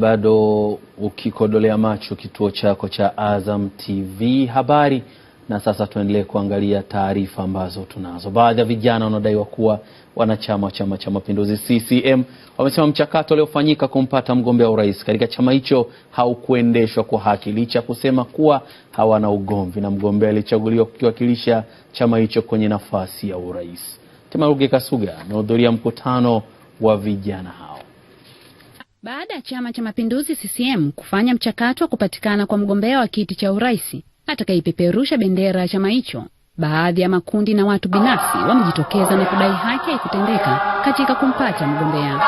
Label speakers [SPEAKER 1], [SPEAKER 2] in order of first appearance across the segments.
[SPEAKER 1] Bado ukikodolea macho kituo chako cha Azam TV habari. Na sasa tuendelee kuangalia taarifa ambazo tunazo. Baadhi ya vijana wanaodaiwa kuwa wanachama wa Chama cha Mapinduzi CCM wamesema mchakato uliofanyika kumpata mgombea urais katika chama hicho haukuendeshwa kwa haki, licha ya kusema kuwa hawana ugomvi na mgombea alichaguliwa kukiwakilisha chama hicho kwenye nafasi ya urais. Temaruge Kasuga amehudhuria mkutano wa vijana
[SPEAKER 2] baada ya Chama cha Mapinduzi CCM kufanya mchakato wa kupatikana kwa mgombea wa kiti cha urais atakayepeperusha bendera ya chama hicho, baadhi ya makundi na watu binafsi wamejitokeza na kudai haki haikutendeka katika kumpata mgombea.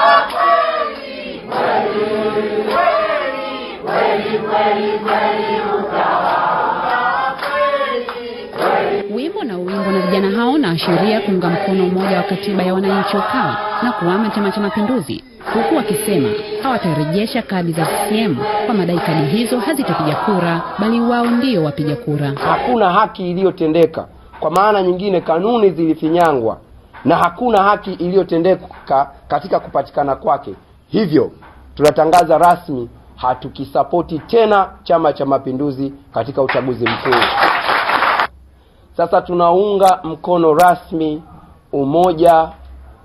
[SPEAKER 2] Wimbo na uwimbo na vijana hao na ashiria kuunga mkono umoja wa katiba ya wananchi UKAWA na kuhama Chama cha Mapinduzi huku wakisema hawatarejesha kadi za CCM kwa madai kadi hizo hazitapiga kura, bali wao ndio wapiga kura.
[SPEAKER 3] Hakuna haki iliyotendeka. Kwa maana nyingine, kanuni zilifinyangwa na hakuna haki iliyotendeka katika kupatikana kwake. Hivyo tunatangaza rasmi hatukisapoti tena Chama cha Mapinduzi katika uchaguzi mkuu. Sasa tunaunga mkono rasmi umoja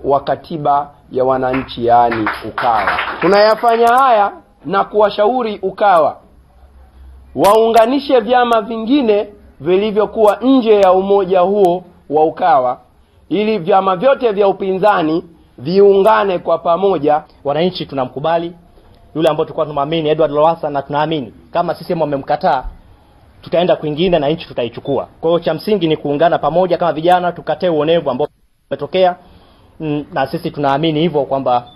[SPEAKER 3] wa katiba ya wananchi, yaani Ukawa. Tunayafanya haya na kuwashauri Ukawa waunganishe vyama vingine vilivyokuwa nje ya umoja huo wa Ukawa ili vyama vyote vya upinzani viungane kwa pamoja.
[SPEAKER 4] Wananchi tunamkubali yule ambao tulikuwa tunamwamini Edward lowasa na tunaamini kama sisi wamemkataa tutaenda kwingine na nchi tutaichukua. Kwa hiyo cha msingi ni kuungana pamoja kama vijana, tukatae uonevu ambao umetokea mm, na sisi tunaamini hivyo kwamba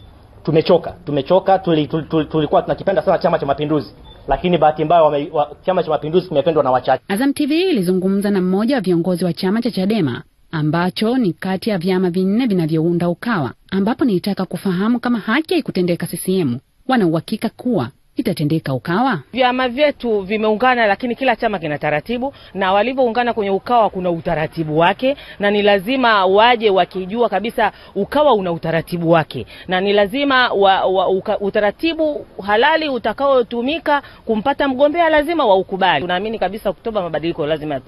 [SPEAKER 4] tumechoka tumechoka. Tulikuwa tuli, tuli, tuli tunakipenda sana Chama cha Mapinduzi, lakini bahati mbaya wa, Chama cha Mapinduzi kimependwa na wachache.
[SPEAKER 2] Azam TV ilizungumza na mmoja wa viongozi wa chama cha Chadema ambacho ni kati ya vyama vinne vinavyounda Ukawa, ambapo nilitaka kufahamu kama haki haikutendeka CCM wana uhakika kuwa itatendeka Ukawa?
[SPEAKER 5] Vyama vyetu vimeungana, lakini kila chama kina taratibu, na walivyoungana kwenye Ukawa kuna utaratibu wake, na ni lazima waje wakijua kabisa Ukawa una utaratibu wake, na ni lazima wa, wa, uka, utaratibu halali utakaotumika kumpata mgombea lazima waukubali. Tunaamini kabisa Oktoba mabadiliko lazima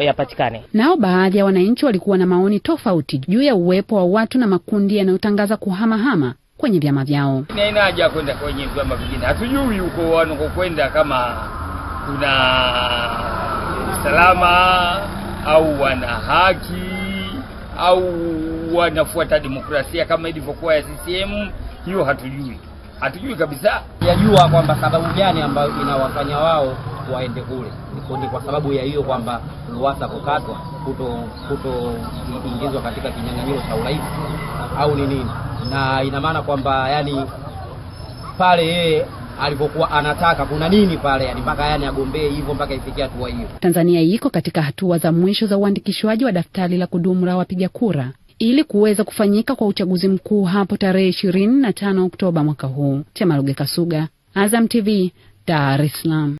[SPEAKER 5] yapatikane.
[SPEAKER 2] Nao baadhi ya wananchi walikuwa na maoni tofauti juu ya uwepo wa watu na makundi yanayotangaza kuhamahama kwenye vyama vyao.
[SPEAKER 6] Haina haja kwenda kwenye vyama vingine, hatujui huko wanakokwenda kama kuna usalama au wana haki au wanafuata demokrasia kama ilivyokuwa ya CCM. Hiyo hatujui, hatujui kabisa.
[SPEAKER 7] Yajua kwamba sababu gani ambayo inawafanya wao waende kule ni kwa sababu ya hiyo kwamba Lowassa kukatwa, kuto katika kinyang'anyiro cha urais au ni nini? na ina maana kwamba yani pale yeye alivyokuwa anataka kuna nini pale yani mpaka yani agombee hivyo mpaka ifikie hatua hiyo.
[SPEAKER 2] Tanzania iko katika hatua za mwisho za uandikishwaji wa daftari la kudumu la wapiga kura ili kuweza kufanyika kwa uchaguzi mkuu hapo tarehe ishirini na tano Oktoba mwaka huu. Chemaruge Kasuga, Azam TV, Dar es Salaam.